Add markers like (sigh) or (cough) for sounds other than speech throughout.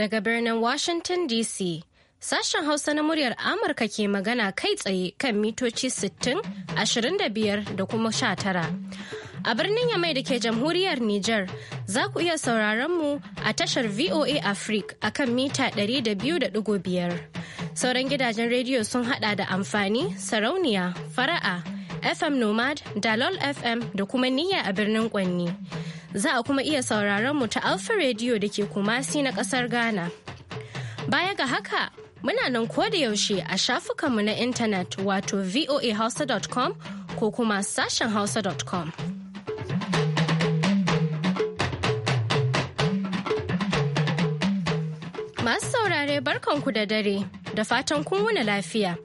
Daga birnin Washington DC, sashen Hausa na muryar Amurka ke magana kai tsaye kan mitoci 60, 25 da kuma 19. A birnin Yamai da ke jamhuriyar Nijar, za ku iya sauraron mu a tashar VOA Africa a kan mita 200.5. Sauran gidajen rediyo sun hada da amfani, sarauniya, fara'a, FM Nomad, Dalol FM da kuma Niyya a birnin Kwanni. Za a kuma iya sauraron mu ta Alpha Radio da ke Kumasi na kasar Ghana. Baya ga haka, muna nan ko da yaushe a shafukanmu na intanet wato voahausa.com ko kuma sashen hausa.com. Masu saurare barkanku da dare da fatan kun wuna lafiya.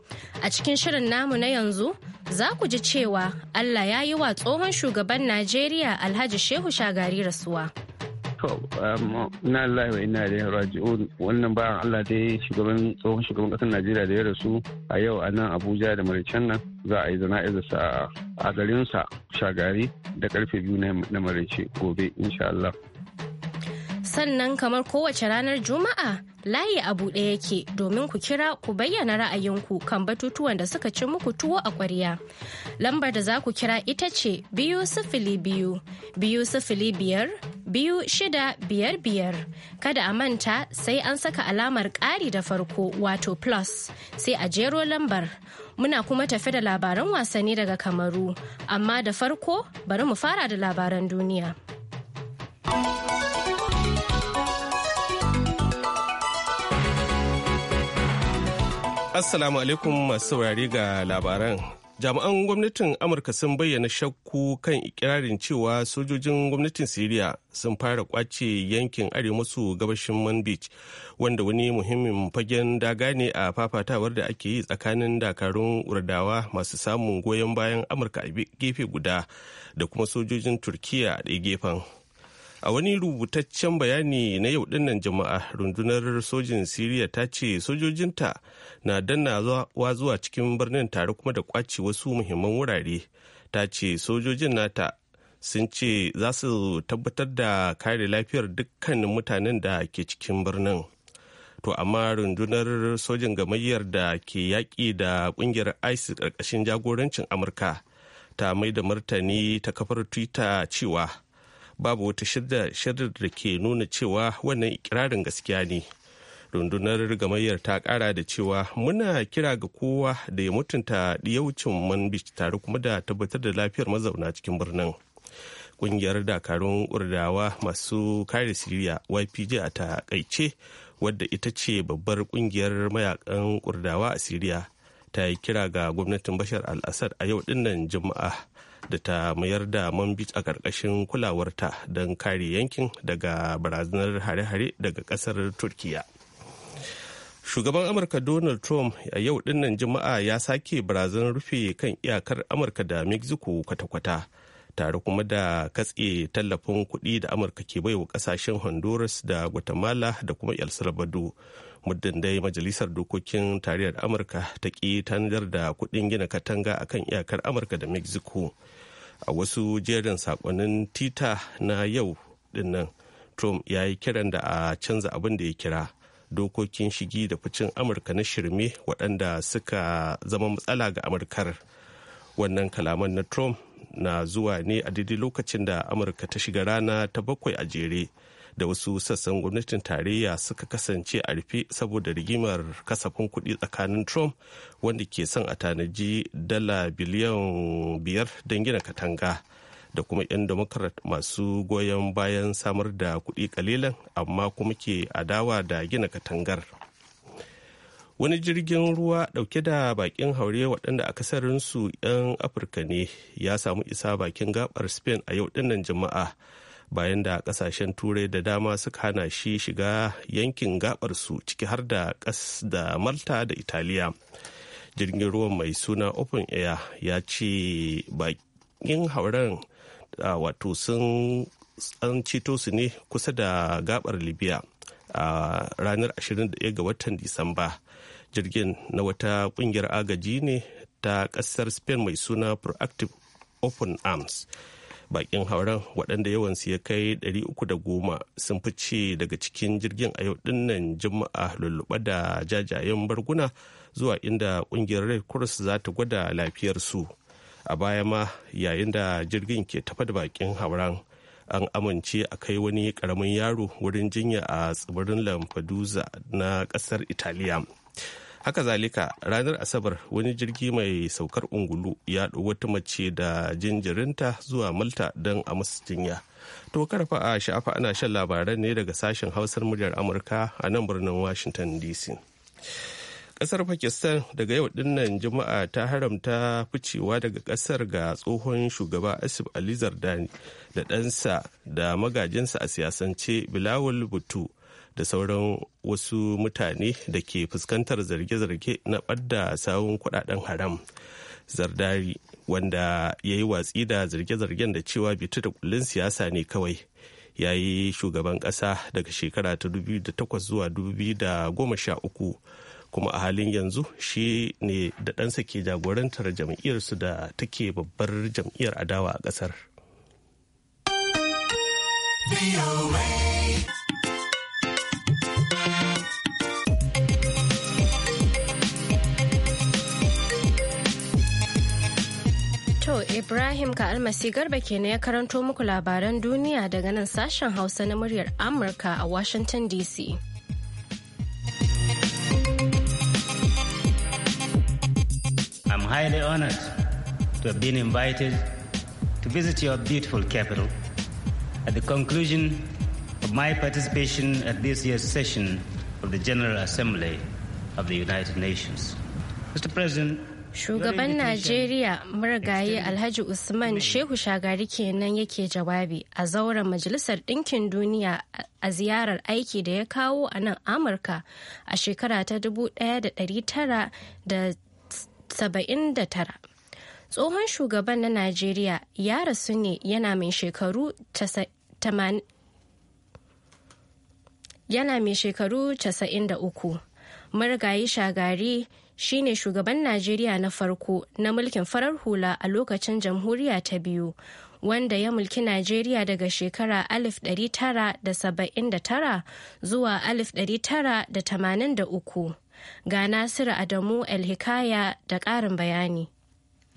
A cikin shirin namu na yanzu za ku ji cewa Allah ya yi wa tsohon shugaban Najeriya Alhaji Shehu Shagari rasuwa. Um, na Allah wa ina da raji'un wannan bayan Allah dai shugaban tsohon shugaban ƙasar Najeriya da ya rasu a yau a nan Abuja da Maraicen nan za a yi zana'izarsa a garinsa Shagari da karfe biyu na Maraice gobe insha Allah. Sannan kamar kowace ranar Juma'a Layi a buɗe yake domin ku kira ku bayyana ra'ayinku kan batutuwan da suka ci muku tuwo a ƙwarya. Lambar da za ku kira ita ce biyu sifili biyu, biyu sifili biyar, biyu shida biyar biyar. Kada a manta sai an saka alamar ƙari da farko wato plus sai a jero lambar. muna kuma tafi da labaran wasanni daga kamaru amma da farko bari mu fara da labaran duniya. Assalamu alaikum masu saurari ga labaran. Jami'an gwamnatin Amurka sun bayyana shakku kan ikirarin cewa sojojin gwamnatin Siriya sun fara kwace yankin arewa maso gabashin Man wanda wani muhimmin fagen daga ne a fafatawar da ake yi tsakanin dakarun urdawa masu samun goyon bayan Amurka a gefe guda da kuma sojojin turkiyya a ɗaya gefen. a wani rubutaccen bayani na yau dinnan jama'a rundunar sojin siriya ta ce sojojinta na dannawa zuwa cikin birnin tare kuma da kwace wasu muhimman wurare ta ce sojojin nata sun ce za su tabbatar da kare lafiyar dukkanin mutanen da ke cikin birnin to amma rundunar sojin gamayyar da ke yaƙi da ƙungiyar isis ƙarƙashin jagorancin amurka ta mai da martani ta kafar twitter cewa babu wata shaidar da ke nuna cewa wannan ikirarin gaskiya ne rundunar gamayyar ta kara da cewa muna kira ga kowa da ya mutunta diyaucin bich tare kuma da tabbatar da lafiyar mazauna cikin birnin kungiyar dakarun kurdawa masu kare siriya ypg a takaice wadda ita ce babbar kungiyar mayakan kurdawa a siriya ta yi kira ga gwamnatin bashar al-assad a yau dinnan juma'a da ta mayar da man a ƙarƙashin kulawarta don kare yankin daga barazanar hare-hare daga ƙasar turkiya shugaban amurka donald trump a yau dinnan juma'a ya sake barazanar rufe kan iyakar amurka da mexico kwata-kwata tare kuma da katse tallafin kuɗi da amurka ke baiwa ƙasashen honduras da guatemala da kuma el salvador muddin dai majalisar dokokin tarayyar amurka ta ƙi tanadar da kuɗin gina katanga a kan iyakar amurka da mexico a wasu jerin sakonnin tita na yau dinnan trump ya yi kiran da a canza abin da ya kira dokokin shigi da ficin amurka na shirme waɗanda suka zama matsala ga amurkar wannan kalaman na trump na zuwa ne a daidai lokacin da amurka ta shiga rana ta bakwai a jere da wasu sassan gwamnatin tarayya suka kasance a rufe saboda rigimar kasafin kuɗi tsakanin trump wanda ke son a tanaji dala biliyan biyar don gina katanga da kuma 'yan democrat masu goyon bayan samar da kuɗi kalilan amma kuma ke adawa da gina katangar wani jirgin ruwa dauke da bakin haure waɗanda akasarinsu 'yan afirka ne ya samu isa bakin gabar spain a yau dinnan jama'a bayan da kasashen turai da dama suka hana shi shiga yankin su ciki har da kas da malta da italiya jirgin ruwan mai suna open air ya ce bakin hauren wato sun an ceto su ne kusa da gabar libya a ranar 21 ga watan disamba jirgin na wata kungiyar agaji ne ta kasar spain mai suna proactive open arms bakin hauren waɗanda yawan su ya kai 310 sun fice daga cikin jirgin a yau dinnan juma'a lulluɓe da jajayen barguna zuwa inda ƙungiyar red cross za ta gwada lafiyarsu a baya ma yayin da jirgin ke tafa da bakin hauren an amince a kai wani ƙaramin yaro wurin jinya a tsibirin lampedusa na ƙasar italiya haka zalika ranar asabar wani jirgi mai saukar ungulu ya wata mace da jinjirinta zuwa malta don a masu jinya to karfa a sha'afa ana shan labaran ne daga sashen hausar muryar amurka a nan birnin washington dc kasar pakistan daga yau dinnan juma'a ta haramta ficewa daga kasar ga tsohon shugaba asif ali zardani da ɗansa da magajinsa a siyasance bilawul butu da sauran wasu mutane da ke fuskantar zarge-zarge na ɓadda sawun kudaden haram zardari wanda ya yi watsi da zarge-zargen da cewa bitu da kullun siyasa ne kawai ya yi shugaban ƙasa daga shekara ta 2008 zuwa 2013 kuma a halin yanzu shi ne da ɗansa ke jagorantar jam'iyyarsu da take babbar jam'iyyar adawa a ƙasar. Ibrahim ka almasi garba kenan ya karanto muku labaran duniya daga nan sashen Hausa na muryar Amurka a Washington DC. I'm highly honored to have been invited to visit your beautiful capital. At the conclusion of my participation at this year's session of the General Assembly of the United Nations. Mr. President, Shugaban Najeriya marigayi Alhaji Usman Shehu Shagari kenan yake jawabi a zauren Majalisar Ɗinkin Duniya a ziyarar aiki da ya kawo a nan Amurka a shekara ta 1979. Tsohon shugaban na Najeriya ya rasu ne yana mai shekaru yana mai shekaru Marigayi Shagari shine shugaban najeriya na farko na mulkin farar hula a lokacin jamhuriya ta biyu wanda ya mulki najeriya daga shekara 1979 zuwa 1983 ga nasiru adamu el da ƙarin bayani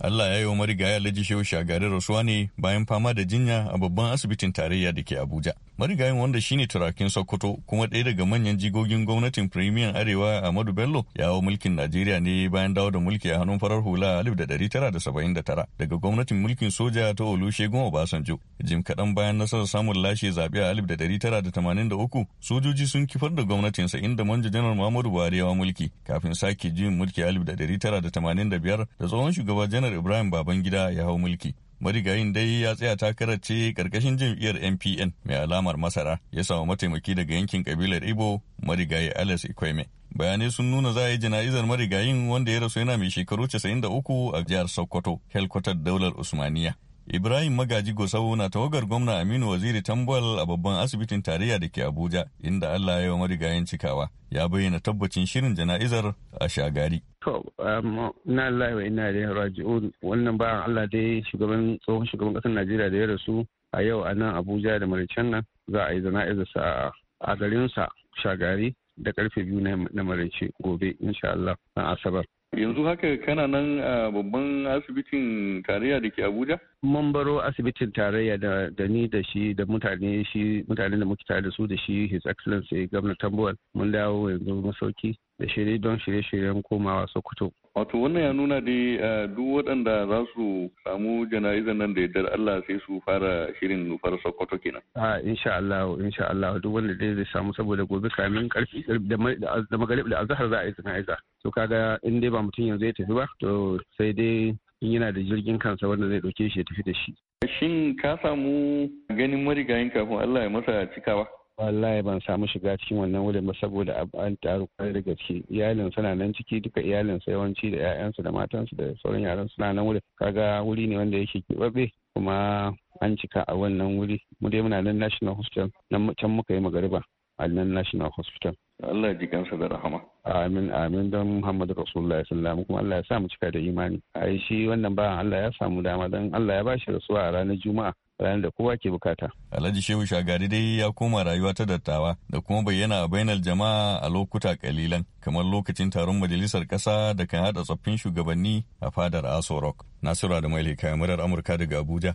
Allah ya yi wa marigaya Alhaji Shehu Shagari rasuwa ne bayan fama da jinya a babban asibitin tarayya da ke Abuja. marigayin wanda shine turakin sokoto kuma ɗaya daga manyan jigogin gwamnatin firimiyan arewa ahmadu bello ya hau mulkin najeriya ne bayan dawo da mulki a hannun farar hula a 1979 daga gwamnatin mulkin soja ta olusegun obasanjo jim kaɗan bayan nasarar samun lashe zaɓe a 1983 sojoji sun kifar da gwamnatinsa inda manja janar muhammadu buhari yawa mulki kafin sake juyin mulki a 1985 da tsohon shugaba janar ibrahim babangida ya hau mulki marigayin dai ya tsaya takarar ce karkashin jam'iyyar npn mai alamar masara ya samu mataimaki daga yankin kabilar ibo marigayi alice ikweme bayanai sun nuna za a yi jana'izar marigayin wanda ya rasu yana mai shekaru 93 a jihar sokoto helkwatar daular usmaniya Ibrahim Magaji Gosau na tawagar gwamna Aminu Waziri Tambal a babban asibitin tarayya da ke Abuja inda Allah ya yi wa marigayen cikawa ya bayyana tabbacin shirin jana'izar a shagari. To, um, na Allah wa ina da raji'un wannan bayan Allah dai shugaban tsohon shugaban ƙasar Najeriya da ya rasu a yau a nan Abuja da Maricen nan za a yi jana'izarsa a garinsa shagari da karfe biyu na maraice gobe insha Allah na Asabar. yanzu haka kana nan a babban asibitin tarayya da ke abuja mun baro asibitin tarayya da ni da shi da mutane shi mutane da muke tare da su da shi his excellency governor tambuwal mun dawo yanzu masauki da shirye don shirye-shiryen komawa Sokoto. Wato wannan ya nuna dai eh, duk waɗanda za su samu jana'izar nan da yardar Allah sai su fara shirin nufar Sokoto kenan. A insha Allah insha Allah duk wanda dai zai samu saboda gobe kamin karfi eh, da magalib da azahar za a yi jana'iza. To kaga in dai ba mutum yanzu ya tafi ba to sai dai in yana da jirgin kansa wanda zai ɗauke shi ya tafi da shi. Shin ka samu ganin marigayin kafin Allah ya masa cikawa? wallahi ban samu shiga cikin wannan wurin ba saboda an taru kwarai da gaske iyalin suna nan ciki duka iyalin sa yawanci da 'ya'yansu da matansu da sauran yaran suna nan wurin kaga wuri ne wanda yake keɓaɓɓe kuma an cika a wannan wuri mu dai muna nan national hospital nan can muka yi magariba a nan national hospital Allah ji gansa da rahama. Amin amin don Muhammadu Rasulullahi sallallahu kuma Allah ya sa mu cika da imani. Ai shi wannan ba Allah ya samu dama don Allah ya bashi rasuwa a ranar Juma'a ranar da kowa ke bukata. Alhaji Shehu Shagari dai ya koma rayuwa ta dattawa da kuma bayyana a bainar jama'a a lokuta kalilan kamar lokacin taron majalisar ƙasa da kan haɗa tsoffin shugabanni a fadar Aso Rock. Nasiru da Maili kayamurar murar Amurka daga Abuja,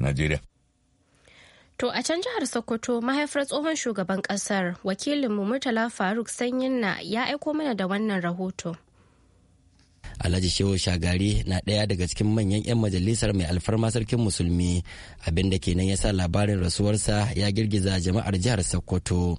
Najeriya. To a can jihar Sokoto mahaifar tsohon shugaban ƙasar wakilinmu Murtala Faruk Sanyin na ya aiko mana da wannan rahoto. alhaji shehu shagari na ɗaya daga cikin manyan 'yan majalisar mai alfarma sarkin musulmi abin da kenan ya sa labarin rasuwarsa ya girgiza jama'ar jihar sokoto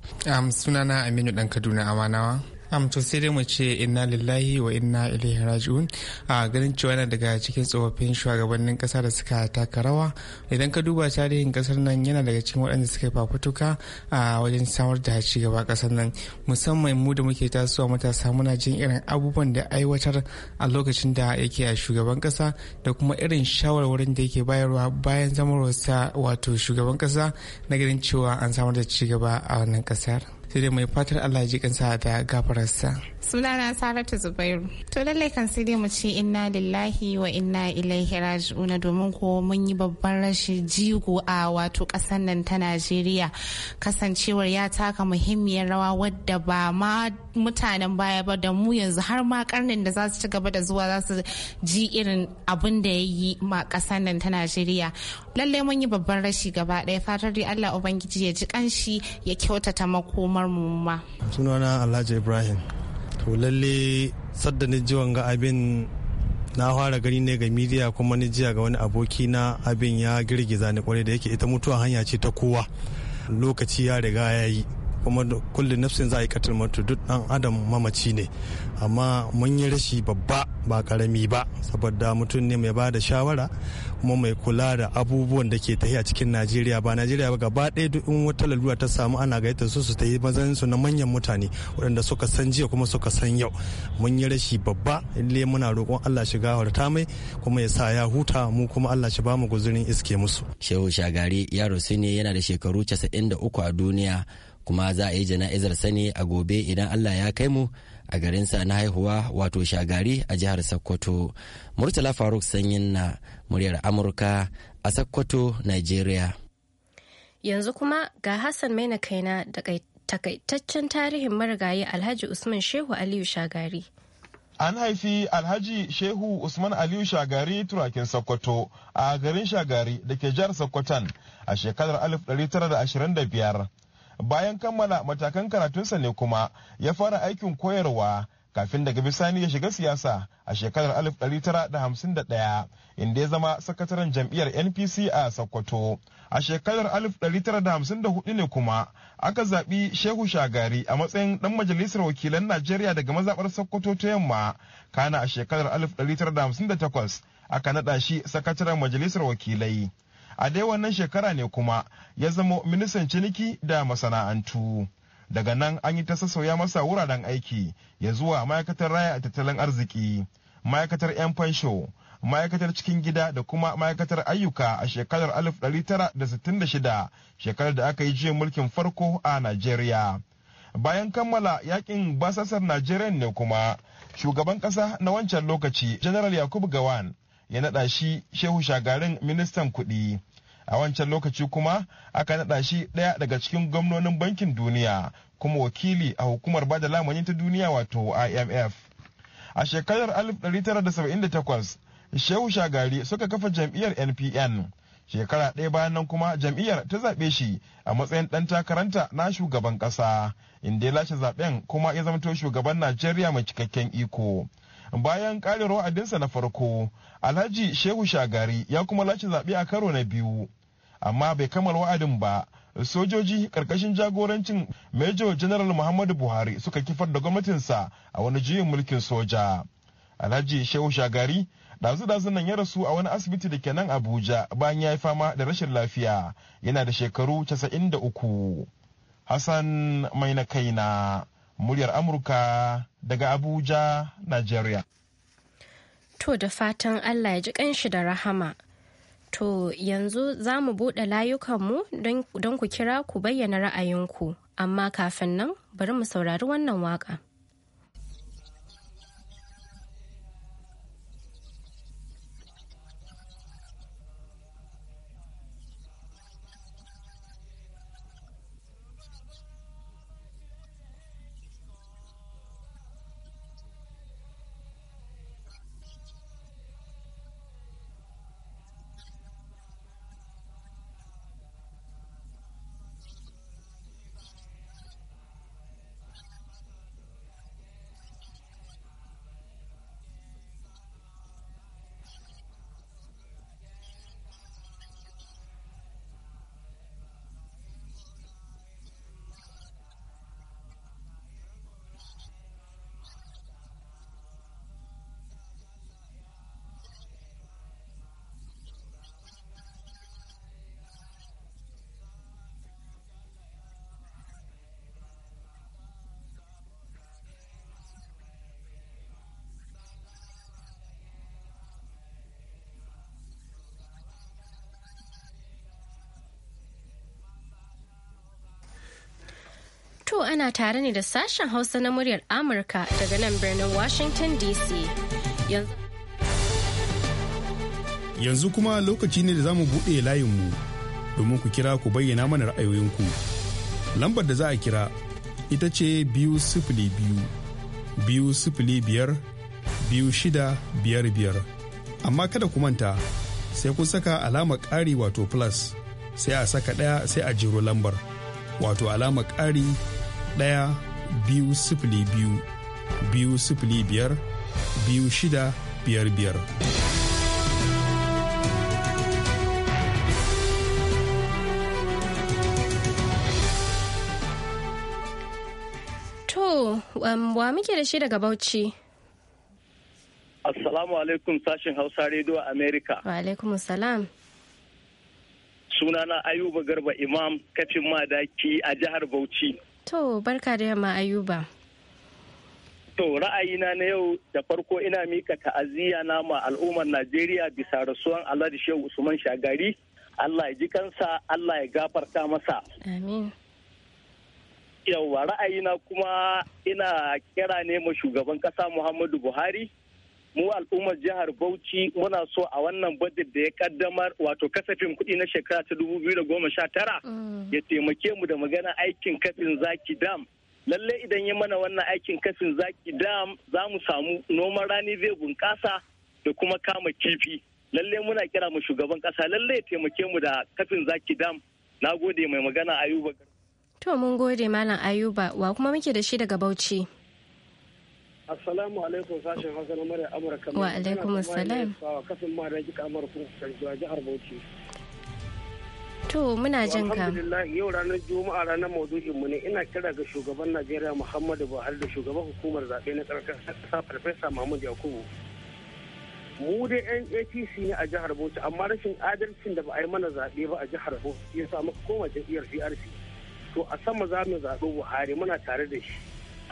sunana aminu ɗan kaduna amanawa am dai mu ce inna lillahi wa inna ilaihi raji'un a ganin cewa yana daga cikin tsofaffin shugabannin kasa da suka taka rawa idan ka duba tarihin kasar nan yana daga cikin waɗanda suka fafutuka a wajen samar da ci gaba kasar nan musamman mu da muke tasowa matasa muna jin irin abubuwan da aiwatar a lokacin da yake a shugaban kasa da kuma irin shawarwarin da yake bayarwa bayan zamarwarsa wato shugaban kasa na ganin cewa an samar da ci gaba a wannan kasar. sai mai fatar Allah ji kansa da gafararsa sunana saratu zubairu to lallai kan sai dai mu ce inna lillahi wa inna ilaihi raji'un domin ko mun yi babban rashin jigo a wato kasar nan ta Najeriya kasancewar ya taka muhimmiyar rawa wadda ba ma mutanen baya ba da mu yanzu har ma karnin da za su ci gaba da zuwa za su ji irin abin da ya yi ma ƙasar nan ta najeriya lallai mun yi babban rashi gaba ɗaya fatar dai allah ubangiji ya ji kanshi ya kyautata makomar mu ba sunana alhaji ibrahim to lalle sadda ni ji ga abin na fara gani ne ga midiya kuma ni jiya ga wani aboki na abin ya girgiza ni kwarai da yake ita mutuwa hanya ce ta kowa lokaci ya riga ya yi kuma kullum nafsin za a yi katil mutu duk dan adam mamaci ne amma mun yi rashi babba ba karami ba saboda mutum ne mai ba da shawara kuma mai kula da abubuwan da ke tahi a cikin najeriya ba najeriya ba gaba ɗaya duk in wata lalura ta samu ana gaita su su ta yi su na manyan mutane waɗanda suka san jiya kuma suka san yau mun yi rashi babba ille muna roƙon allah shiga harta mai kuma ya sa ya huta mu kuma allah shi ba mu guzurin iske musu shehu shagari yaro ne yana da shekaru casa'in da uku a duniya kuma za a yi jana'izar sani a gobe idan allah ya kai mu a garinsa na haihuwa wato shagari a jihar sokoto murtala faruk sanyin na muryar amurka a sokoto nigeria yanzu kuma ga hassan maina kaina da takaitaccen tarihin marigayi alhaji usman shehu aliyu shagari An haifi Alhaji Shehu Usman Aliyu Shagari turakin Sokoto a garin Shagari da ke jihar Sokoton a shekarar 1925 bayan kammala matakan karatunsa ne kuma ya fara aikin koyarwa kafin daga bisani ya shiga siyasa a shekarar 1951 inda ya zama sakataren jam'iyyar npc a sokoto a shekarar 1954 ne kuma aka zaɓi shehu shagari a matsayin ɗan majalisar wakilan najeriya daga mazaɓar sokoto ta yamma kana a shekarar 1958 aka naɗa shi sakataren majalisar wakilai a dai wannan shekara ne kuma ya zama ministan ciniki da masana'antu daga nan an yi ta sassauya masa wuraren aiki ya zuwa ma'aikatar raya a tattalin arziki ma'aikatar 'yan fansho ma'aikatar cikin gida da kuma ma'aikatar ayyuka a shekarar 1966 shekarar da aka yi jiya mulkin farko a najeriya bayan kammala yakin basasar najeriya ne kuma shugaban kasa na wancan lokaci general yakubu gawan ya naɗa shi shehu shagarin ministan kuɗi a wancan lokaci kuma aka naɗa shi ɗaya daga cikin gwamnonin bankin duniya kuma wakili a hukumar bada lamani ta duniya wato imf a shekarar 1978 shehu shagari suka kafa jam'iyyar npn shekara ɗaya bayan nan kuma jam'iyyar ta zaɓe shi a matsayin ɗan takaranta na shugaban ƙasa inda ya lashe zaɓen kuma ya zamto shugaban najeriya mai cikakken iko bayan karin wa'adinsa na farko alhaji shehu shagari ya kuma lashe zaɓe a karo na biyu amma bai kammala wa'adin ba sojoji karkashin jagorancin major general muhammadu buhari suka kifar da gwamnatinsa a wani juyin mulkin soja alhaji shehu shagari dazu-dazu nan ya rasu a wani asibiti da ke nan abuja bayan ya yi fama da rashin lafiya yana da shekaru 93 hassan mai na kaina muryar amurka daga abuja nigeria to da fatan allah ya ji kanshi da rahama to yanzu za mu buɗe layukanmu don ku kira ku bayyana ra'ayinku amma kafin nan bari mu saurari wannan waka. ana tare ne da sashen Hausa na muryar Amurka daga nan birnin Washington DC. Yanzu kuma lokaci ne da za mu buɗe layinmu domin ku kira ku bayyana mana ra'ayoyinku. Lambar da za a kira ita ce biyu sifili biyu, biyu sifili biyar, biyu shida biyar biyar. Amma kada ku manta sai kun saka alama ƙari wato plus sai a saka ɗaya sai a jiro lambar wato alama ƙari ɗaya biyu sifili biyu biyu sifili biyar biyu shida biyar biyar. To, um, wa muke da shi daga Bauchi? Assalamu alaikum sashen Hausa Radio America. Wa alaikum salam. Sunana Ayuba Garba Imam kafin madaki a jihar Bauchi. To barka da yamma Ayuba. To ra'ayina na yau da farko ina mika ta'aziyya na ma al'ummar Najeriya bisa rasuwan allah da Shehu Usman Shagari. Allah ya ji kansa, Allah ya gafarta masa. Amin. Yawwa ra'ayina kuma ina kira ne ma shugaban ƙasa Muhammadu Buhari mu al'ummar jihar Bauchi muna so a wannan budget da ya kaddamar wato kasafin kuɗi na shekara ta dubu biyu da goma sha tara mm. ya taimake mu da magana aikin kafin zaki dam lalle idan ya mana wannan aikin kafin zaki dam za mu samu noman rani zai bunƙasa da kuma kama kifi lalle muna kira mu shugaban ƙasa lalle ya taimake mu da kafin zaki dam na gode mai magana ayuba to mun gode malam ayuba wa kuma muke da shi daga Bauchi Assalamu alaikum sashen Hausa na murya Amurka. Wa alaikum assalam. Kafin ma da kika Amurka Karjuwa jihar Bauchi. To muna jin ka. Alhamdulillah yau ranar Juma'a ranar maudu'in mu ne ina kira ga shugaban Najeriya Muhammadu Buhari da shugaban hukumar zaɓe na ƙarƙashin ƙasa Farfesa Mahmud Yakubu. Mu dai 'yan APC ne a jihar Bauchi amma rashin adalcin da ba a yi mana zaɓe ba a jihar Bauchi ya samu koma jam'iyyar PRC To a sama za mu zaɓi Buhari muna tare da shi.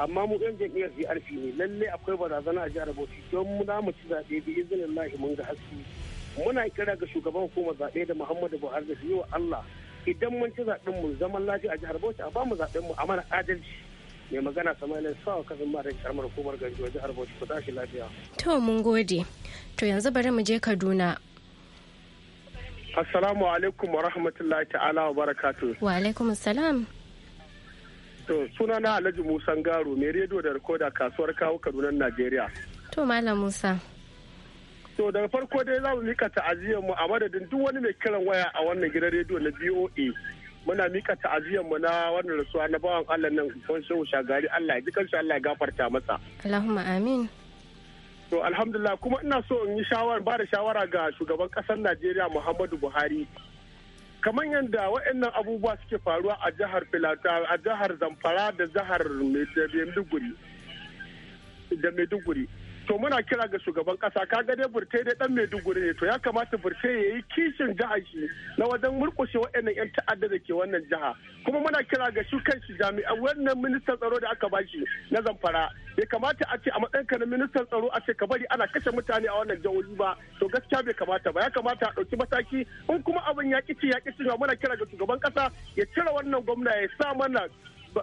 amma mu yan jam'iyyar arfi ne lalle akwai barazana a jihar Bauchi don muna mu ci zaɓe bi izinin lahi mun ga haske muna kira ga shugaban hukumar zaɓe da Muhammadu Buhari da su yi wa Allah idan mun ci zaɓen mu zaman lafiya a jihar Bauchi a ba mu zaɓen mu a mana adalci mai magana Sama'ila Sawa kasan ma da karamar hukumar Ganjo jihar Bauchi ku tashi lafiya. To mun gode. To yanzu bari mu je Kaduna. Assalamu alaikum wa rahmatullahi ta'ala wa barakatu. Wa alaikum assalam. To suna na Alhaji Musa Garo mai rediyo da rikoda kasuwar kawo Kaduna Najeriya. To Malam Musa. To daga farko dai za mu mika ta'aziyar mu a madadin duk wani mai kiran waya a wannan gidan rediyo na BOA. Muna mika ta'aziyar mu na wannan rasuwa na bawan Allah nan kun shehu shagari Allah ya ji kanshi Allah ya gafarta masa. Allahumma amin. To alhamdulillah kuma ina so in yi shawara ba da shawara ga shugaban kasar Najeriya Muhammadu Buhari. kamar yadda waɗannan abubuwa suke faruwa a jihar filata a jihar zamfara da jihar maiduguri da maiduguri to muna kira ga shugaban kasa kaga dai burte dai dan maiduguri ne to ya kamata burte ya yi kishin jihar shi na wajen murkushe waɗannan yan ta'adda da ke wannan jiha kuma muna kira ga shi kanshi jami'an wannan ministan tsaro da aka bashi na zamfara bai kamata a ce a matsayinka na ministan tsaro a ce ka bari ana kashe mutane a wannan jihohi ba to gaskiya bai kamata ba ya kamata a ɗauki mataki in kuma abin ya ƙi ci ya ƙi muna kira ga shugaban kasa ya cire wannan gwamna ya sa mana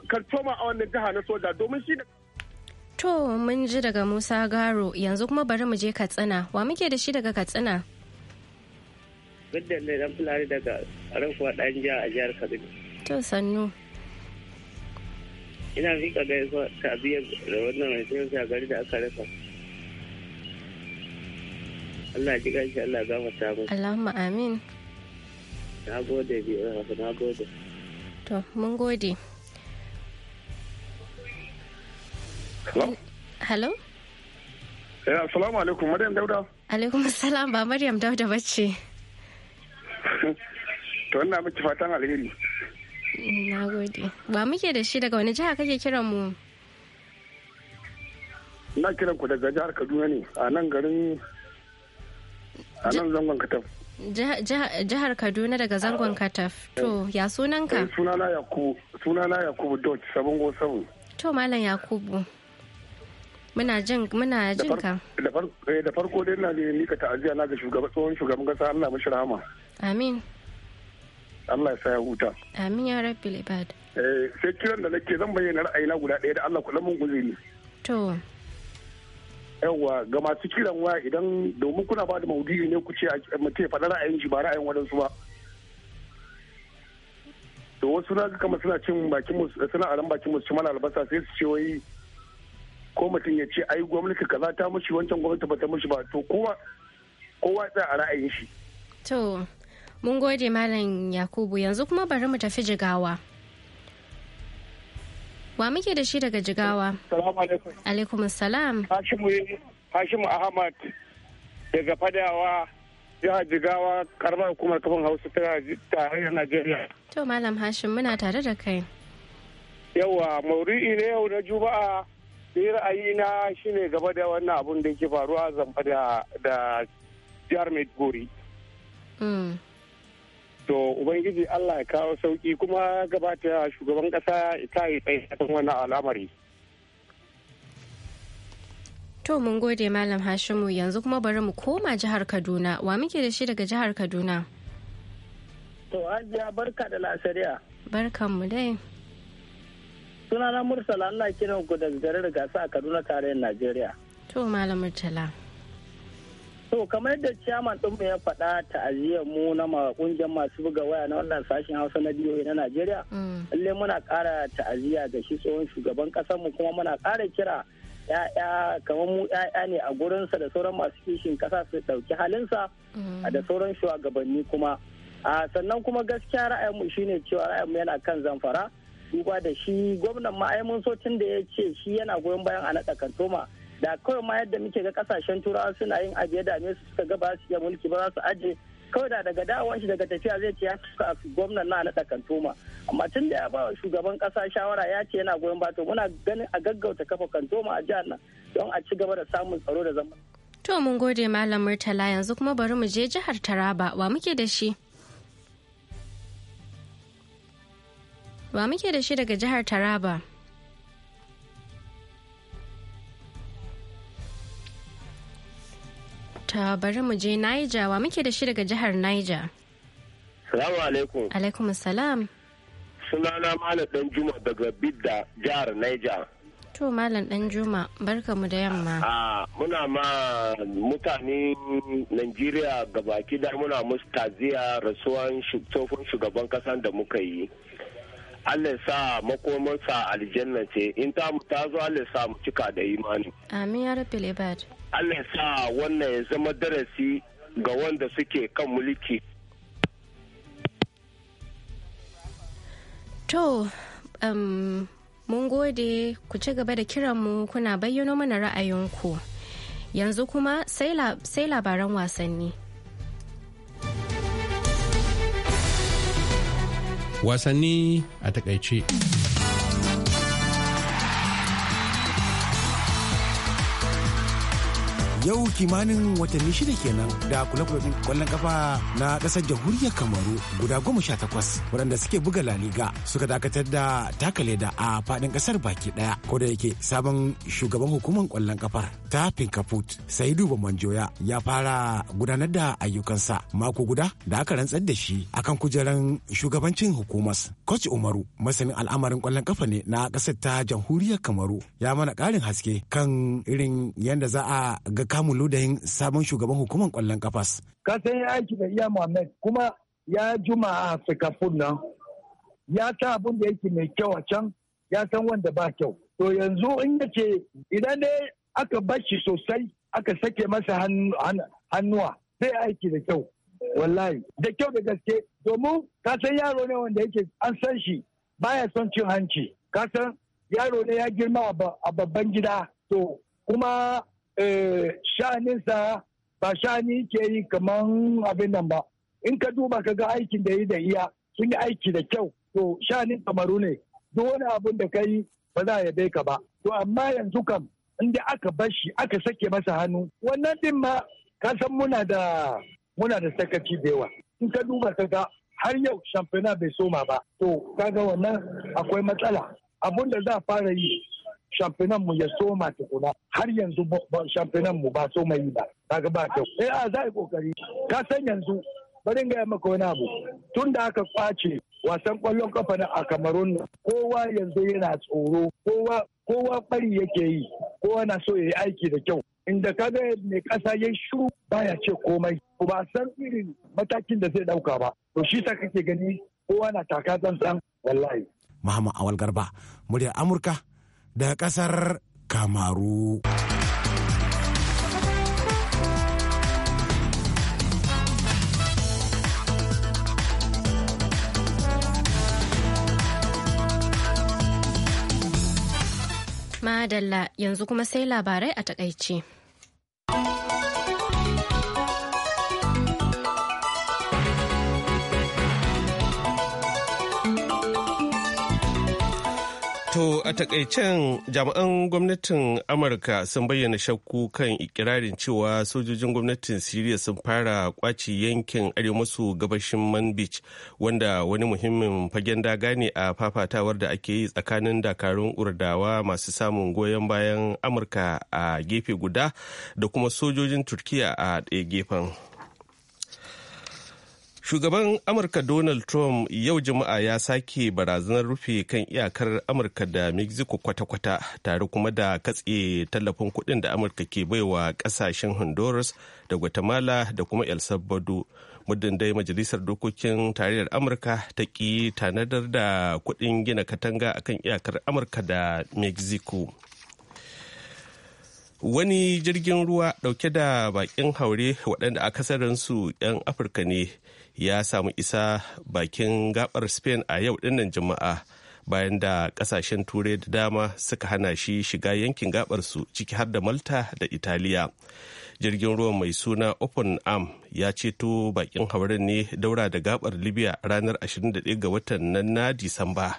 kantoma a wannan jiha na soja domin shi da To mun ji daga Musa Garo yanzu kuma bari mu je Katsina. Wa muke da shi daga Katsina? Bidda ne dan fulani daga Ranfuwa ɗan jiya a jihar Kaduna. To sannu. Ina fi rika gaisuwa ta biya da wannan mai sa gari da aka rasa. Allah ji gashi Allah gama ta mu. Allahumma amin. Na gode biyu, na gode. To mun gode. Hello? Eh, assalamu alaikum, Maryam Dauda. Alaikum assalam ba Maryam Dauda bace. (laughs) To ina miki fatan alheri. Na gode. Ba muke da shi daga wani jiha kake kiran mu? Na kiran ku daga jihar Kaduna ne, a nan garin a nan zangon Kataf. Jihar Kaduna daga zangon Kataf. To, ya sunanka? Eh, sunana Yakubu, sunana Yakubu Dutch, Dodge 707. To, Malam Yakubu. muna jin muna jin ka eh, da farko dai na ne ka ta'aziyya na ga shugaban tsohon shugaban kasa Allah mashi rahama amin Allah ya sa ya huta amin ya rabbi libad eh sai kiran da nake zan bayyana ra'ayina guda ɗaya da Allah kula mun ni to yawa ga masu kiran waya idan domin kuna ba da maudu'i ne ku ce mutum ya faɗa ra'ayin shi ba ra'ayin wadansu ba to wasu na kama suna cin bakin suna aran bakin musu cimar albasa sai su ce wai ko mutum ya ce ai gwamnati kaza ta mushi wancan gwamnati ba ta mushi ba to kowa kowa tsaya a ra'ayin shi to mun gode malam yakubu yanzu kuma bari mu tafi jigawa wa muke da shi daga jigawa salamu alaikum alaikum salam hashimu hashimu ahmad daga fadawa jihar jigawa karamar hukumar kafin hausa ta tarayyar najeriya to malam hashim muna tare da kai yawa mauri'i ne yau na juma'a na ra'ayina shine gaba da wannan abun da ke faruwa zamba da jihar maiduguri mm. to ubangiji allah ya kawo sauki kuma gabata shugaban kasa ita yi tsaye wannan al'amari to mun gode malam hashimu yanzu kuma bari mu koma jihar kaduna wa muke da shi daga jihar kaduna to ajiya barka da lasariya barkan mu dai sunana mursala allah kiran ku daga garin gasa a kaduna tarayyar najeriya to malam murtala to kamar yadda chairman din ya faɗa ta'aziyar mu na kungiyar masu buga waya na wannan sashen hausa na biyo na najeriya mm. lallai muna ƙara ta'aziyya ga shi tsohon shugaban ƙasar mu kuma muna kara kira ya'ya kamar mu ya'ya ne a gurinsa da sauran masu kishin ƙasa su ɗauki halinsa mm. da sauran shugabanni kuma a sannan kuma gaskiya ra'ayinmu shine cewa ra'ayinmu yana kan zamfara duba da shi gwamnan ma ai mun so tun da ya ce shi yana goyon bayan a naɗa kantoma da kawai ma yadda muke ga kasashen turawa suna yin abu da dame su suka ga ba su iya mulki ba za su aje kawai da daga dawon shi daga tafiya zai ce ya suka gwamnan na naɗa kantoma amma tun da ya ba shugaban kasa shawara ya ce yana goyon to muna ganin a gaggauta kafa kantoma a jihar nan don a ci gaba da samun tsaro da zama. to mun gode malam murtala yanzu kuma bari mu je jihar taraba wa muke da shi. Wa muke da shi daga jihar Taraba? Ta bari mu je Niger wa muke da shi daga jihar Niger. Salamu alaikum. Alaikum salam. Sunana Malam Dan Juma daga Bidda jihar Niger. To Malam Dan Juma barka mu da yamma. A muna ma mutane Najeriya gabaki da muna musu taziya rasuwan tsohon shugaban kasan da muka yi. Allah sa makomarsa aljanna ce in ta mu ta zo Allah sa mu cika da imani amin ya rabbi ibad Allah sa wannan ya zama darasi ga wanda suke kan mulki to um, mun gode ku ci gaba da kiranmu kuna bayyano mana ra'ayinku yanzu kuma sai labaran wasanni wasanni a takaice. yau kimanin watanni shida kenan da kula-kula din kwallon kafa na kasar jamhuriyar kamaru guda goma sha takwas waɗanda suke buga laliga suka dakatar da taka leda a faɗin ƙasar baki ɗaya ko da yake sabon shugaban hukumar kwallon kafar ta finkafut saidu bamanjoya ya fara gudanar da ayyukansa mako guda da aka rantsar da shi akan kujeran shugabancin hukumar coach umaru masanin al'amarin kwallon kafa ne na ƙasar ta jamhuriyar kamaru ya mana ƙarin haske kan irin yadda za a ga kamun ludayin sabon shugaban hukumar kwallon kafas. Ka san ya aiki da iya Muhammad kuma ya juma a Africa nan. Ya ta abin da yake mai kyau a can ya san wanda ba kyau. To yanzu in yace idan dai aka bashi sosai aka sake masa hannuwa zai aiki da kyau. Wallahi da kyau da gaske domin ka san yaro ne wanda yake an san shi baya son cin hanci. Ka san yaro ne ya girma a babban gida. To kuma Eh, sha'aninsa ba shani ke yi kamar abin nan ba in ka duba ka ga aikin da yi da iya sun yi aiki da kyau to sha'anin kamaru ne duk wani abin da ka yi ba za a bai ka ba to amma yanzu kam inda aka bar shi aka sake masa hannu wannan din ma ka san muna da muna da sakaci da yawa in ka duba ka ga har yau shamfina bai soma ba to kaga wannan akwai matsala abun da za fara yi shamfinan mu ya soma tukuna har yanzu shamfinan mu ba soma yi ba kaga ba kyau eh a za a kokari ka san yanzu bari ga maka wani abu tun da aka kwace wasan kwallon kafa na a Cameroon kowa yanzu yana tsoro kowa kowa bari yake yi kowa na so yayi aiki da kyau inda kaga mai kasa ya shiru baya ce komai ba san irin matakin da zai dauka ba to shi sa kake gani kowa na taka san. wallahi Muhammad Awal Garba muryar Amurka da ƙasar kamaru. Madalla yanzu kuma sai labarai a takaice. To a takaicen jami'an gwamnatin Amurka sun bayyana shakku kan ikirarin cewa sojojin gwamnatin Siriya sun fara kwaci yankin arewa maso gabashin Manbij wanda wani muhimmin fagen daga ne a fafatawar da ake yi tsakanin dakarun urdawa masu samun goyon bayan Amurka a gefe guda da kuma sojojin Turkiya a ɗaya gefen. Shugaban Amurka Donald Trump yau Juma'a ya sake barazanar rufe kan iyakar Amurka da Mexico kwata-kwata tare kuma da katse tallafin kuɗin da Amurka ke baiwa ƙasashen Honduras da Guatemala da kuma El Salvador. Muddin dai Majalisar Dokokin Tarayyar Amurka ta ƙi tanadar da kuɗin gina katanga akan iyakar Amurka da Mexico. wani jirgin ruwa dauke da bakin haure waɗanda a kasarinsu 'yan afirka ne ya samu isa bakin gabar spain a yau dinnan juma'a bayan da kasashen turai da dama suka hana shi shiga yankin su ciki har da malta da italiya jirgin ruwan mai suna open arm ya ceto bakin hauren ne daura da gabar libya ranar 21 ga watan nan na disamba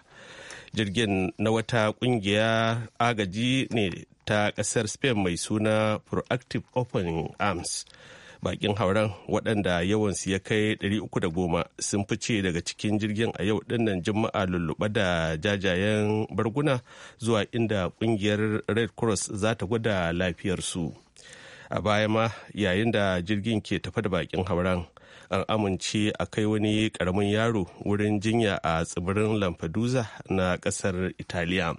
jirgin na wata kungiya agaji ne ta kasar spain mai suna proactive open arms bakin hauren waɗanda yawan su ya kai 310 sun fice daga cikin jirgin a yau dinnan juma'a lulluɓe da jajayen barguna zuwa inda ƙungiyar red cross za ta gwada lafiyarsu a baya ma yayin da jirgin ke tafa da bakin hauren an amince a kai wani ƙaramin yaro wurin jinya a tsibirin lampedusa na ƙasar italiya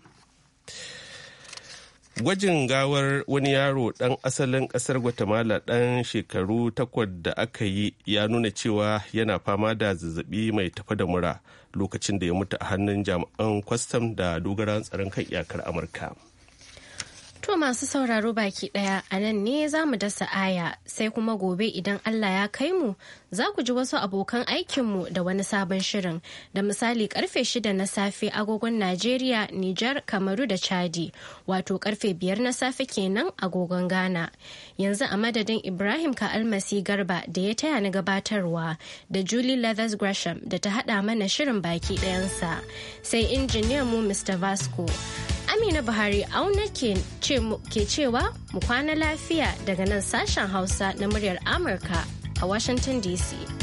gwajin gawar wani yaro ɗan asalin ƙasar guatemala ɗan shekaru takwas da aka yi ya nuna cewa yana fama da zazzabi mai tafa da mura lokacin da ya mutu a hannun jami'an kwastam da dogaran tsaron kan iyakar amurka To masu sauraro baki ɗaya a nan ne za mu dasa aya sai kuma gobe idan Allah ya kai mu za ku ji wasu abokan aikinmu da wani sabon shirin da misali karfe shida na safe agogon Najeriya, Nijar, Kamaru da Chadi wato karfe biyar na safe kenan agogon Ghana. Yanzu a madadin Ibrahim ka almasi garba da ya taya ni gabatarwa da Julie Leathers Gresham da ta haɗa mana shirin baki ɗayansa sai injiniyan mu Mr. Vasco. Amina Buhari auna ke cewa mu kwana lafiya daga nan sashen Hausa na muryar Amurka a Washington DC.